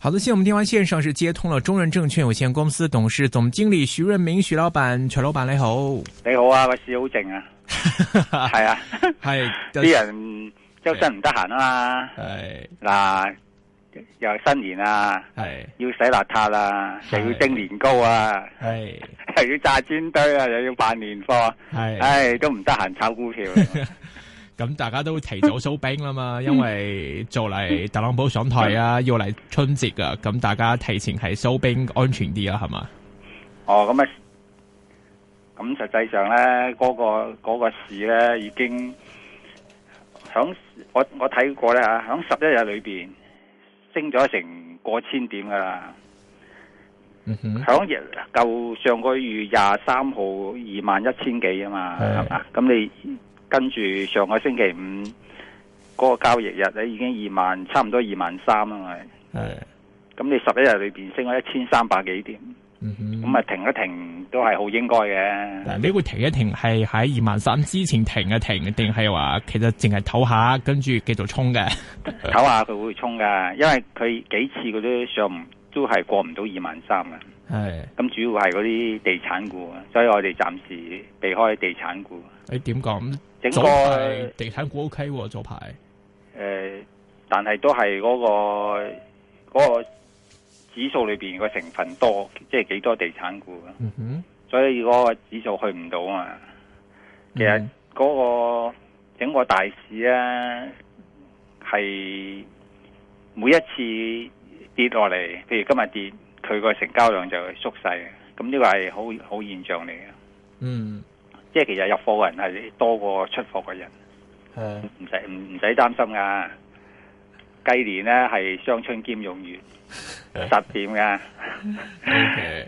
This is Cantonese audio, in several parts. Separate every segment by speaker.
Speaker 1: 好多先我們電話線上是接通了中潤證券有限公司董事總經理徐潤民徐老闆，徐老闆你好，
Speaker 2: 你好啊，喂，市好靜啊，係 啊，係啲人周身唔得閒啊嘛，係嗱 Hey. 又新年啊，係 Hey. 要洗邋遢啊，又 Hey. 要蒸年糕啊，係又 Hey. 要炸煎堆啊，又要辦年貨，啊，係唉 Hey. 都唔得閒炒股票。
Speaker 1: 咁大家都提早收兵啦嘛，因為做嚟特朗普上台啊，嗯、要嚟春節噶、啊，咁大家提前係收兵安全啲啦、啊，係嘛？
Speaker 2: 哦，咁啊，咁實際上咧，嗰、嗰個嗰、嗰個市咧已經響我我睇過咧啊，響十一日裏邊升咗成過千點噶啦。嗯哼，響就上個月廿三號二萬一千幾啊嘛，係嘛是？咁你。跟住上個星期五嗰個交易日，你已經二萬差唔多二萬三啊！嘛是，咁你十一日裏面升咗一千三百幾點，咁啊、嗯、哼停一停都係好應該嘅。嗱，
Speaker 1: 你會停一停係喺二萬三之前停一停，定係話其實淨係唞下，跟住繼續衝嘅
Speaker 2: 唞 下佢會衝嘅，因為佢幾次嗰啲上都係過唔到二萬三嘅。咁是，主要係嗰啲地產股，所以我哋暫時避開地產股。
Speaker 1: 你點講咧？
Speaker 2: 整個
Speaker 1: 地產股 O K，做牌。誒、
Speaker 2: 呃，但係都係嗰、嗰個、嗰個指數裏邊個成分多，即係幾多地產股啊？嗯、哼所以嗰個指數去唔到啊嘛。
Speaker 3: 其實
Speaker 2: 嗰個整個大市啊，係、嗯、每一次跌落嚟，譬如今日跌，佢個成交量就會縮細，咁呢個係好好現象嚟嘅。嗯。即係其實入貨嘅人係多過出貨嘅人，唔使唔唔使擔心噶。雞年呢係雙春兼閏月，十點㗎。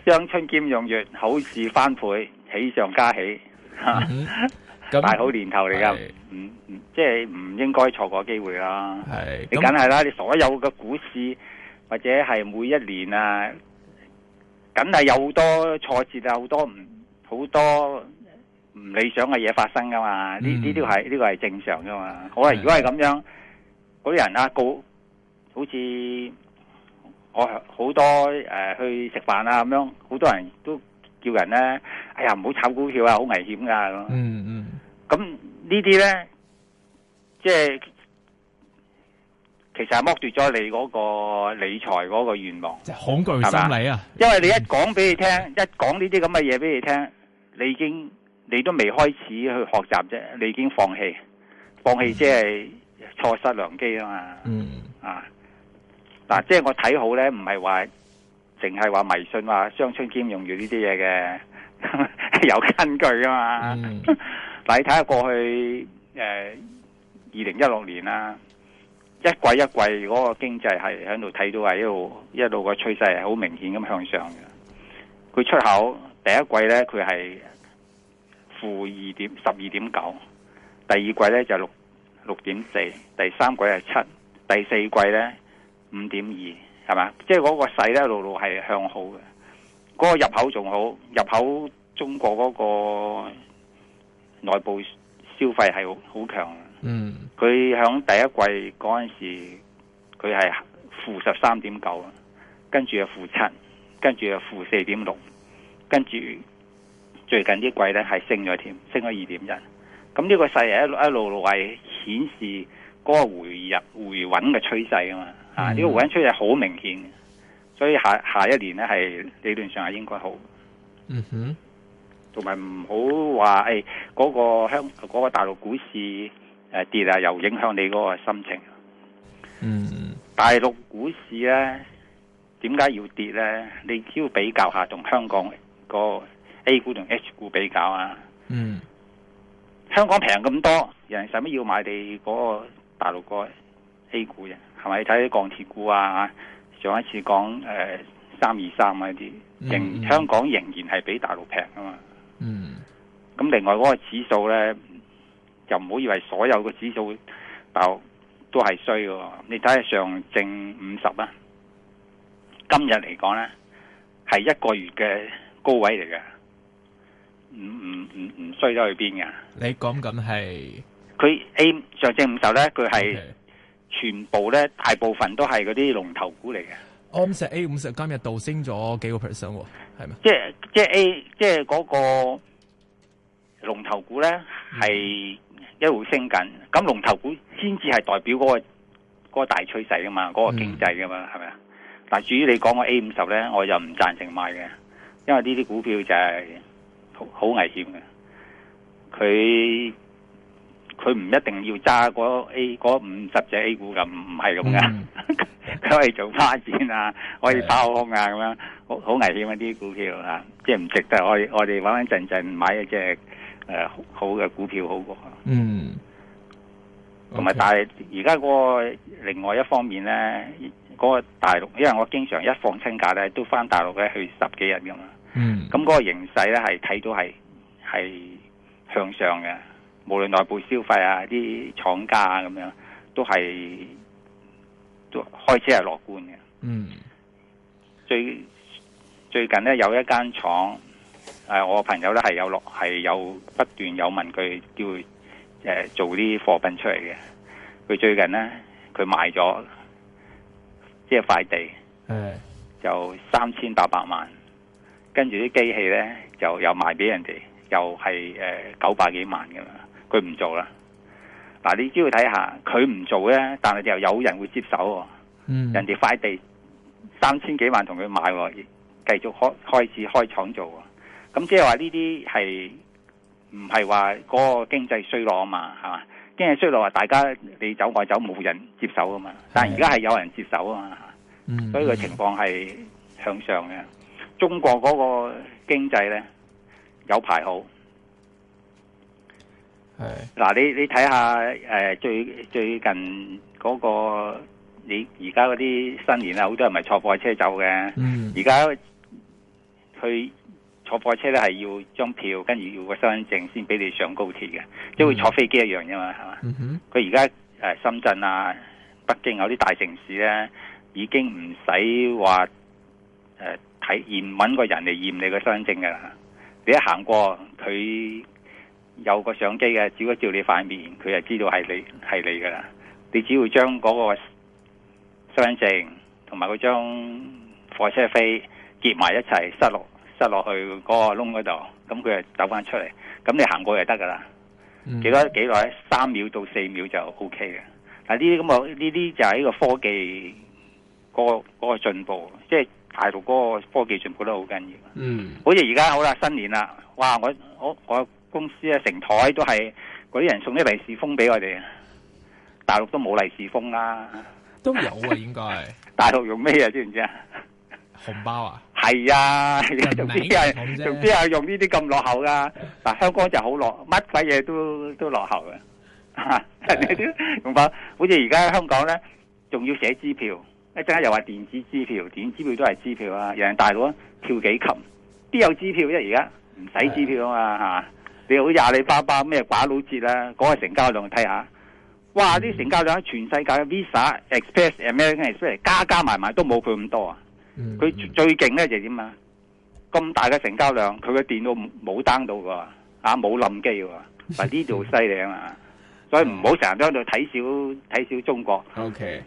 Speaker 2: 雙 Okay 春兼閏月，好事翻倍，喜上加喜，嗯、 大好年頭嚟噶。嗯嗯，即係唔應該錯過機會啦。的你梗係啦，你所有嘅股市或者係每一年啊，梗係有好多挫折啊，好多唔好多。唔理想嘅嘢發生噶嘛？呢呢啲係，呢個係正常噶嘛？好啦！如果係咁樣，嗰啲人啊，告好似我好多誒去食飯啊咁樣，好多人都叫人咧，哎呀唔好炒股票啊，好危險噶。嗯嗯。咁呢啲咧，即係其實係剝奪咗你嗰個理財嗰個願望，
Speaker 1: 恐懼心理啊。
Speaker 2: 因為你一講俾你聽，一講呢啲咁嘅嘢俾你聽，你已經。你都未開始去學習啫，你已經放棄，放棄即係錯失良機啊嘛。嗯、啊，嗱，即係我睇好咧，唔係話淨係話迷信話雙春兼閏月呢啲嘢嘅， 有根據噶嘛。嗱、嗯啊，你睇下過去誒二零一六年啦，一季一季嗰個經濟係喺度睇到係一路一路個趨勢係好明顯咁向上嘅。佢出口第一季咧，佢係。負二點，十二點九，9, 第二季呢，就六六點四，第三季係七，第四季呢，五點二，係嘛？即係嗰個勢呢，路路係向好嘅。嗰個入口仲好，入口中國嗰個內部消費係好強。強嗯，佢響第一季嗰陣時，佢係負十三點九，跟住負七，跟住負四點六，跟住。最近呢季咧係升咗添，升咗二點一。咁呢個勢一一路路係顯示嗰個回入回穩嘅趨勢啊嘛，啊呢、mm hmm. 個回穩趨勢好明顯，所以下下一年咧係理論上係應該好。
Speaker 3: 嗯
Speaker 2: 哼、mm，同埋唔好話誒嗰個香嗰、那個、大陸股市誒、呃、跌啊，又影響你嗰個心情。嗯、mm，hmm. 大陸股市咧點解要跌咧？你只要比較下同香港、那個。A 股同 H 股比較啊，
Speaker 3: 嗯，
Speaker 2: 香港平咁多，人使乜要買你嗰個大陸個 A 股嘅？係咪你睇啲鋼鐵股啊？上一次講誒三二三啊啲，仍、呃嗯嗯、香港仍然係比大陸平啊嘛。嗯，咁另外嗰個指數咧，就唔好以為所有嘅指數大陸都係衰嘅。你睇下上證五十啊，今日嚟講咧係一個月嘅高位嚟嘅。唔唔唔唔衰咗去邊㗎？
Speaker 1: 你講緊係
Speaker 2: 佢 A 上證五十咧，佢係全部咧，大部分都係嗰啲龍頭股嚟
Speaker 1: 嘅。A 五十 A 五十今日倒升咗幾個 percent 喎？係咪？
Speaker 2: 即係即係 A 即係嗰個龍頭股咧，係一路升緊。咁龍頭股先至係代表嗰個大趨勢噶嘛，嗰個經濟噶嘛，係咪啊？但係至於你講個 A 五十咧，我又唔贊成買嘅，因為呢啲股票就係。好危險嘅，佢佢唔一定要揸嗰 A 五十隻 A 股噶，唔係咁佢可以做孖展啊，可以拋空啊咁的樣，好好危險一啲股票啊，即係唔值得我哋。我我哋穩穩陣陣買一隻誒、呃、好嘅股票好過。嗯，同埋有 Okay. 但係而家嗰個另外一方面咧，嗰、嗰個大陸，因為我經常一放清假咧都翻大陸嘅去十幾日咁啊。嗯，咁嗰個形勢咧係睇到係係向上嘅，無論內部消費啊、啲廠家啊咁樣，都係都開始係樂觀嘅。嗯，最最近咧有一間廠，誒、啊，我朋友咧係有落，係有不斷有問佢叫誒做啲貨、呃、品出嚟嘅。佢最近咧佢買咗一塊地，誒的，就三千八百萬。跟住啲機器咧，就又賣俾人哋，又係誒九百幾萬㗎嘛佢唔做啦。嗱、啊，你只要睇下佢唔做咧，但係又有人會接手喎、哦。嗯。人哋快遞三千幾萬同佢買，繼續開，開始開廠做。咁即係話呢啲係唔係話嗰個經濟衰落啊嘛？係嘛？經濟衰落啊！大家你走外走，冇人接手啊嘛。但而家係有人接手啊嘛。
Speaker 3: 嗯、
Speaker 2: 所以個情況係向上嘅。中國嗰個經濟咧有排好，嗱係你你睇下、呃、最最近嗰、嗰個你而家嗰啲新年啊，好多人咪坐火車走嘅，而家佢坐火車咧係要張票，跟住要個身份證先俾你上高鐵嘅，即會坐飛機一樣啫嘛，係嘛、嗯？佢而家深圳啊、北京有啲大城市咧已經唔使話驗揾個人嚟驗你個身份證噶啦，你一行過佢有個相機嘅，只係照你塊面，佢就知道係你係你噶啦。你只要將嗰個身份證同埋張火車飛結埋一齊塞落塞落去嗰個窿嗰度，咁佢就走翻出嚟，咁你行過就得噶啦。
Speaker 3: 幾多
Speaker 2: 幾耐？三秒到四秒就 O K 嘅。但係呢啲咁呢啲就係呢個科技、嗰個、嗰個進步，即係。大陸嗰個科技全部都好緊要，
Speaker 3: 嗯，
Speaker 2: 好似而家好啦，新年啦，哇，我我我公司咧成台都係嗰啲人送啲利是封俾我哋，大陸都冇利是封啦，都有啊應該，大陸用咩啊知唔知啊？
Speaker 1: 紅包啊，
Speaker 2: 係啊，仲之係仲之係用呢啲咁落後噶？嗱、啊，香港就好落，乜鬼嘢都都落後嘅，紅、啊、包，好似而家香港咧仲要寫支票。誒，即係又話電子支票，電子支票都係支票啊！人，人大佬啊，跳幾級，邊有支票啫，啊？而家唔使支票啊嘛，吓、哎呀啊！你好似阿里巴巴咩寡佬節啦，講下成交量睇下，哇！啲成交量喺全世界嘅 Visa、Express、American、Express 加加埋埋都冇佢咁多啊！佢最勁咧就點啊？咁大嘅成交量，佢嘅，啊啊啊，電腦冇 down 到嘅，啊冇冧機嘅，嗱呢度犀利啊嘛，啊！所以唔好成日都喺度睇小睇少，嗯、中國。O K。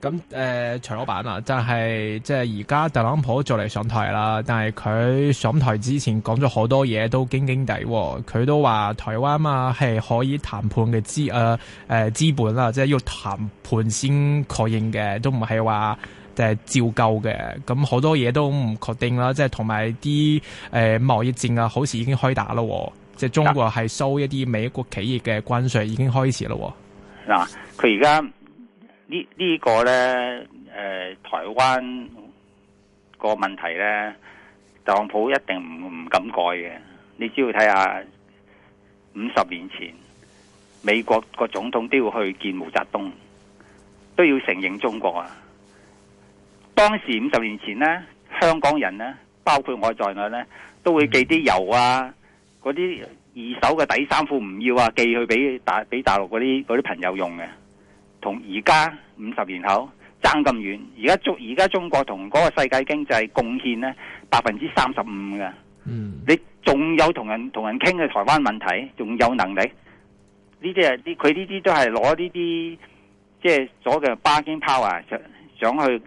Speaker 1: 咁誒，徐、呃、老闆啊，就係即係而家特朗普就嚟上台啦，但係佢上台之前講咗好多嘢都驚驚哋喎、哦，佢都話台灣呀、啊、係可以談判嘅資誒誒、呃、資本啦、啊，即係要談判先確認嘅，都唔係話誒照舊嘅。咁好多嘢都唔確定啦，即係同埋啲誒貿易戰啊，好似已經開打喎、哦。即係中國係收一啲美國企業嘅關稅已經開始啦、哦。
Speaker 2: 嗱、啊，佢而家。呢呢、這個呢，誒、呃、台灣個問題呢，特朗普一定唔唔敢改嘅。你只要睇下五十年前美國個總統都要去見毛澤東，都要承認中國啊。當時五十年前呢，香港人呢，包括我在內呢，都會寄啲油啊，嗰啲二手嘅底衫褲唔要啊，寄去俾大俾大陸嗰啲嗰啲朋友用嘅。同而家五十年後爭咁遠，而家中而家中國同嗰個世界經濟貢獻咧百分之三十五嘅，嗯、你仲有同人同人傾嘅台灣問題，仲有能力？呢啲啊，佢呢啲都係攞呢啲即係所謂嘅巴金 power，想去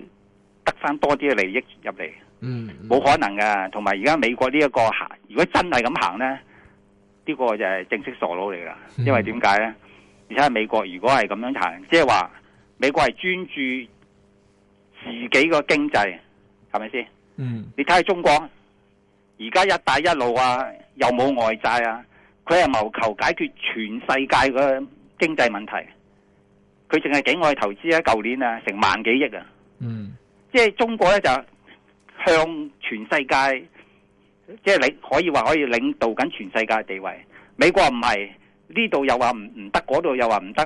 Speaker 2: 得翻多啲嘅利益入嚟、嗯。嗯，冇可能㗎。同埋而家美國呢、這、一個行，如果真係咁行咧，呢、這個就係正式傻佬嚟噶。因為點解咧？你睇下美國，如果係咁樣行，即係話美國係專注自己個經濟，係咪先？嗯。你睇下中國，而家一帶一路啊，又冇外債啊，佢係謀求解決全世界嘅經濟問題。佢淨係境外投資啊，舊年啊，成萬幾億啊。嗯。即係中國咧，就向全世界，即係你可以話可以領導緊全世界嘅地位。美國唔係。呢度又話唔唔得，嗰度又話唔得，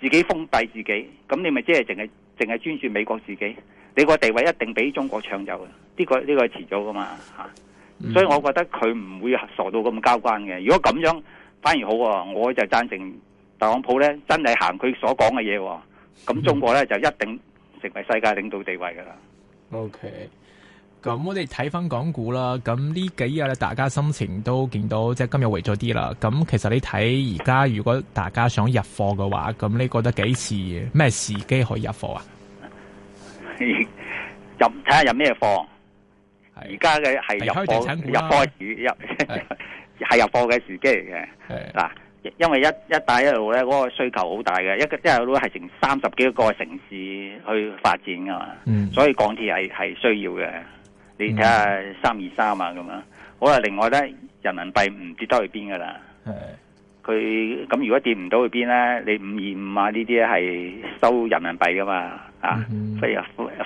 Speaker 2: 自己封閉自己，咁你咪即係淨係淨係專注美國自己，你個地位一定比中國搶走嘅，呢、呢個呢、呢個係遲早噶嘛嚇，嗯、所以我覺得佢唔會傻到咁交關嘅。如果咁樣反而好喎、啊，我就贊成特朗普呢真係行佢所講嘅嘢喎，咁中國呢就一定成為世界領導地位噶啦、嗯。
Speaker 1: OK。咁、嗯、我哋睇翻港股啦，咁呢幾日咧，大家心情都見到，即係今日為咗啲啦。咁其實你睇而家，如果大家想入貨嘅話，咁你覺得幾時咩時機可以入貨啊？
Speaker 2: 入睇下入咩貨？而家嘅係入貨地開始入，的入，入，係的入貨嘅時機嚟嘅。嗱的、那個，因為一一帶一路咧，嗰個需求好大嘅，一個一路都係成三十幾個城市去發展噶嘛，嗯、所以港鐵係係需要嘅。你睇下三二三啊，咁啊，嗯、樣好啦、啊，另外咧，人民幣唔跌得去邊噶啦。佢咁是如果跌唔到去邊咧，你五二五啊呢啲係收人民幣噶嘛，嗯、哼啊，所以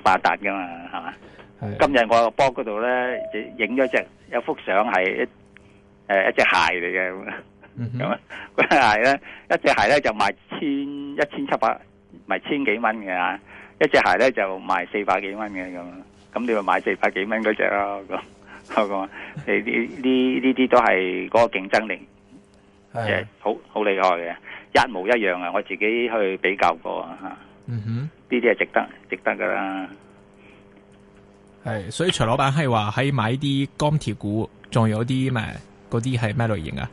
Speaker 2: 發達噶嘛，係嘛是。是今日我個波嗰度咧影影咗只一幅相，係、呃、一隻鞋嚟嘅咁啊，嗰、嗯、哼鞋咧一隻鞋咧就賣千一千七百，賣千幾蚊嘅，一隻鞋咧就賣四百幾蚊嘅咁。咁你咪買四百幾蚊嗰隻啦，咁我講你呢，呢啲都係嗰個競爭力，係好好厲害嘅，一模一樣啊！我自己去比較過吓，嗯哼，呢啲係值得值得噶啦。
Speaker 1: 係，所以徐老闆係話喺買啲鋼鐵股，仲有啲咩？嗰啲係咩類型啊？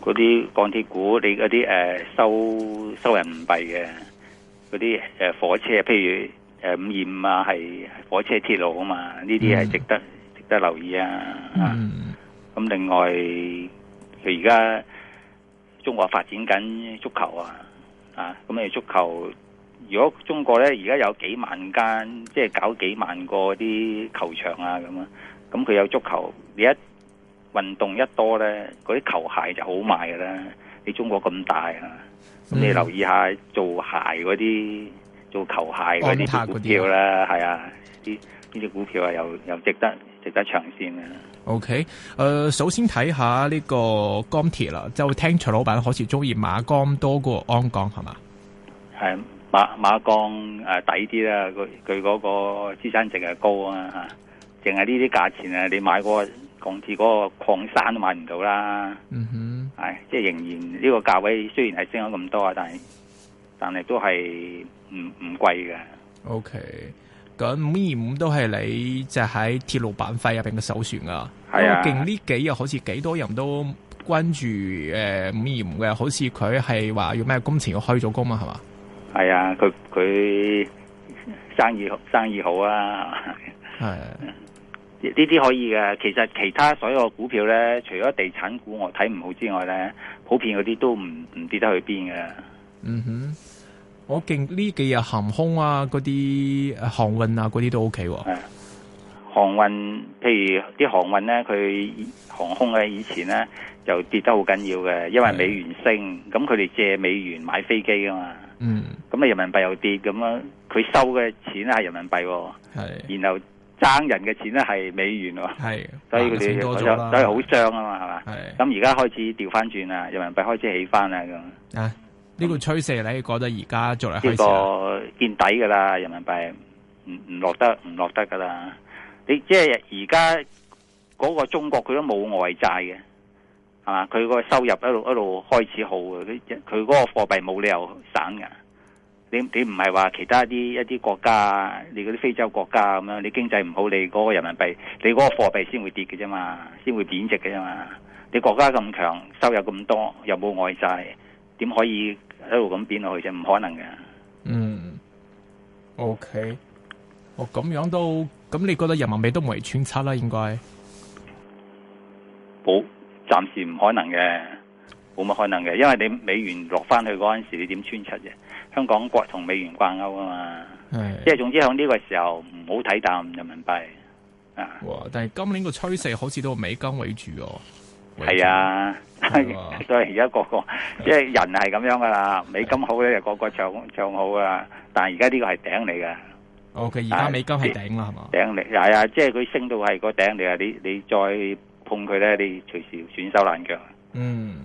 Speaker 2: 嗰啲鋼鐵股，你嗰啲誒收收人民幣嘅，嗰啲誒火車，譬如。誒五二五啊，係火車鐵路啊嘛，呢啲係值得值得留意啊！啊，咁另外佢而家中國發展緊足球啊，啊，咁你足球如果中國咧而家有幾萬間，即係搞幾萬個啲球場啊，咁啊，咁佢有足球，你一運動一多咧，嗰啲球鞋就好賣噶啦。你中國咁大啊，咁你留意下做鞋嗰啲。做球鞋嗰啲 Ant ark 股票啦，係些啊，啲呢啲股票啊又又值得值得長線嘅、
Speaker 1: 啊。O K，誒，首先睇下呢個鋼鐵啦，就聽徐老闆好似中意馬鋼多過鞍鋼，係嘛？
Speaker 2: 係馬馬鋼誒抵啲啦，佢佢嗰個資產值係高啊，淨係呢啲價錢啊，你買嗰個鋼鐵嗰個礦山都買唔到啦。
Speaker 1: 嗯
Speaker 2: 嗯、mm，係、hmm. 哎，即係仍然呢、這個價位雖然係升咗咁多啊，但係但係都係。唔
Speaker 1: 唔貴嘅。OK，咁五二五都係你就喺、是、鐵路板塊入邊嘅首選啊。係啊。近呢幾日好似幾多人都關注誒五二五嘅，好似佢係話要咩工程要開咗工是是啊，
Speaker 2: 係嘛？係啊，佢佢生意好生意好啊。係、啊。呢啲可以嘅。其實其他所有股票咧，除咗地產股我睇唔好之外咧，普遍嗰啲都唔唔跌得去邊嘅。嗯
Speaker 1: 哼。我勁呢幾日航空啊，嗰啲航運啊，嗰啲都 OK 喎。
Speaker 2: 航運譬如啲航運咧，佢航空咧，以前咧就跌得好緊要嘅，因為美元升，咁佢哋借美元買飛機噶嘛。嗯，咁啊，人民幣又跌，咁啊，佢收嘅錢係人民幣，係，然後爭人嘅錢咧係美元，係，
Speaker 3: 所以佢哋所以
Speaker 2: 好傷啊嘛，係嘛？係，咁而家開始調翻轉啦，人民幣開始起翻啦咁。
Speaker 1: 呢個趨勢你覺得而家做嚟開始個
Speaker 2: 見底噶啦，人民幣唔唔落得唔落得噶啦。你即係而家嗰個中國佢都冇外債嘅，係嘛？佢個收入一路一路開始好嘅，佢佢嗰個貨幣冇理由省嘅。你你唔係話其他啲一啲國家，你嗰啲非洲國家咁樣，你經濟唔好，你嗰個人民幣，你嗰個貨幣先會跌嘅啫嘛，先會貶值嘅啫嘛。你國家咁強，收入咁多，又冇外債，點可以？喺度咁變落去啫，唔可能
Speaker 1: 嘅。嗯，OK，哦，咁樣都，咁你覺得人民幣都唔會穿七啦，應該？
Speaker 2: 冇，暫時唔可能嘅，冇乜可能嘅，因為你美元落翻去嗰陣時，你點穿七啫？香港國同美元掛鈎啊嘛，係，即係總之響呢個時候唔好睇淡人民幣
Speaker 1: 啊。但係今年個趨勢好似都係美金為主哦。
Speaker 2: 係啊，啊所以而家個個即係、啊、人係咁樣噶啦，美金好咧，就、啊、個個唱唱好啊！但係而家呢個係頂嚟噶
Speaker 1: ，O K，而家美金係頂啦，係嘛？
Speaker 2: 頂嚟係啊，即係佢升到係個頂嚟啊！你你再碰佢咧，你隨時損手爛腳。嗯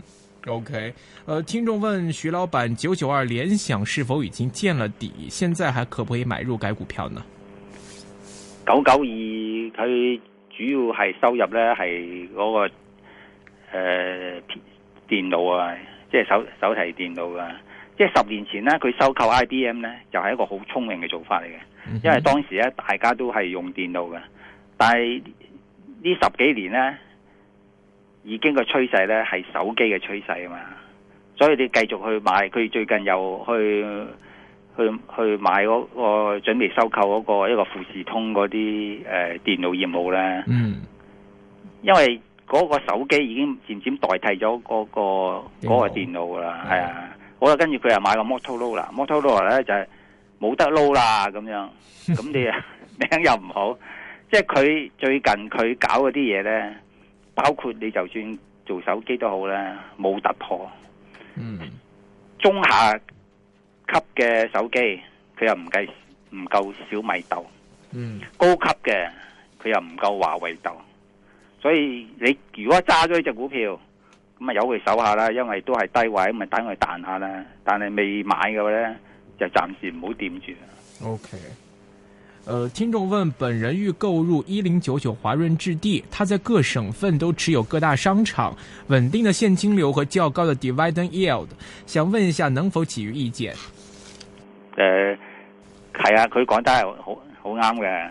Speaker 1: ，O K，呃，聽眾問徐老闆：九九二聯想是否已經見了底？現在還可唔可以買入該股票呢？
Speaker 2: 九九二佢主要係收入咧係嗰個。誒、呃，電腦啊，即係手手提電腦啊，即係十年前呢，佢收購 IBM 呢，就係、是、一個好聰明嘅做法嚟嘅，因為當時呢，大家都係用電腦嘅，但係呢十幾年呢，已經個趨勢呢係手機嘅趨勢啊嘛，所以你繼續去買，佢最近又去去去買嗰、那個準備收購嗰、那個一個富士通嗰啲誒電腦業務呢
Speaker 3: 嗯，因為。
Speaker 2: 嗰個手機已經漸漸代替咗嗰個嗰個電腦啦，係啊，好啦，跟住佢又買個摩托羅拉啦，摩托羅拉咧就係冇得撈啦咁樣，咁你啊名又唔好，即係佢最近佢搞嗰啲嘢咧，包括你就算做手機都好咧，冇突破，嗯，中下級嘅手機佢又唔計，唔夠小米鬥，嗯，高級嘅佢又唔夠華為鬥。所以你如果揸咗呢隻股票，咁啊由佢手下啦，因為都係低位，咁咪等佢彈下啦。但係未買嘅話咧，就暫時唔好掂住啦。
Speaker 1: O K，誒，聽眾問：本人欲購入一零九九華潤置地，它在各省份都持有各大商場，穩定的現金流和較高的 dividend yield，想問一下能否給予意見？
Speaker 2: 誒、呃，係啊，佢講得係好好啱嘅，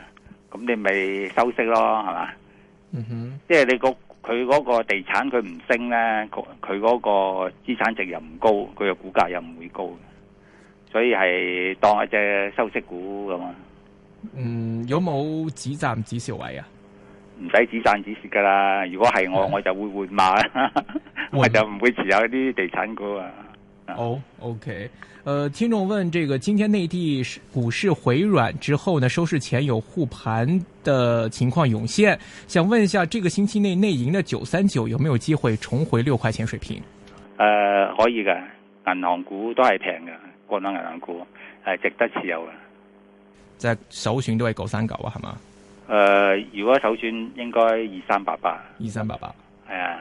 Speaker 2: 咁你咪收息咯，係嘛？嗯哼，即係你個佢嗰個地產佢唔升咧，佢佢嗰個資產值又唔高，佢個股價又唔會高，所以係當是一隻收息股咁啊。嗯，沒
Speaker 1: 有冇止賺止蝕位啊？
Speaker 2: 唔使止賺止蝕噶啦。如果係我，啊、我就會換馬，換馬 我就唔會持有一啲地產股啊。哦、oh,，OK，
Speaker 1: 呃、uh,，聽眾問，這個今天內地股市回軟之後呢，收市前有護盤的情況湧現，想問一下，這個星期內內銀的九三九有沒有機會重回六塊錢水平？
Speaker 2: 呃、uh, 可以嘅，銀行股都係平嘅，國內銀行股係、啊、值得持有嘅。
Speaker 1: 即係首選都係九三九啊，係嘛？
Speaker 2: 呃，如果首選應該二三八八，二三八八，係啊。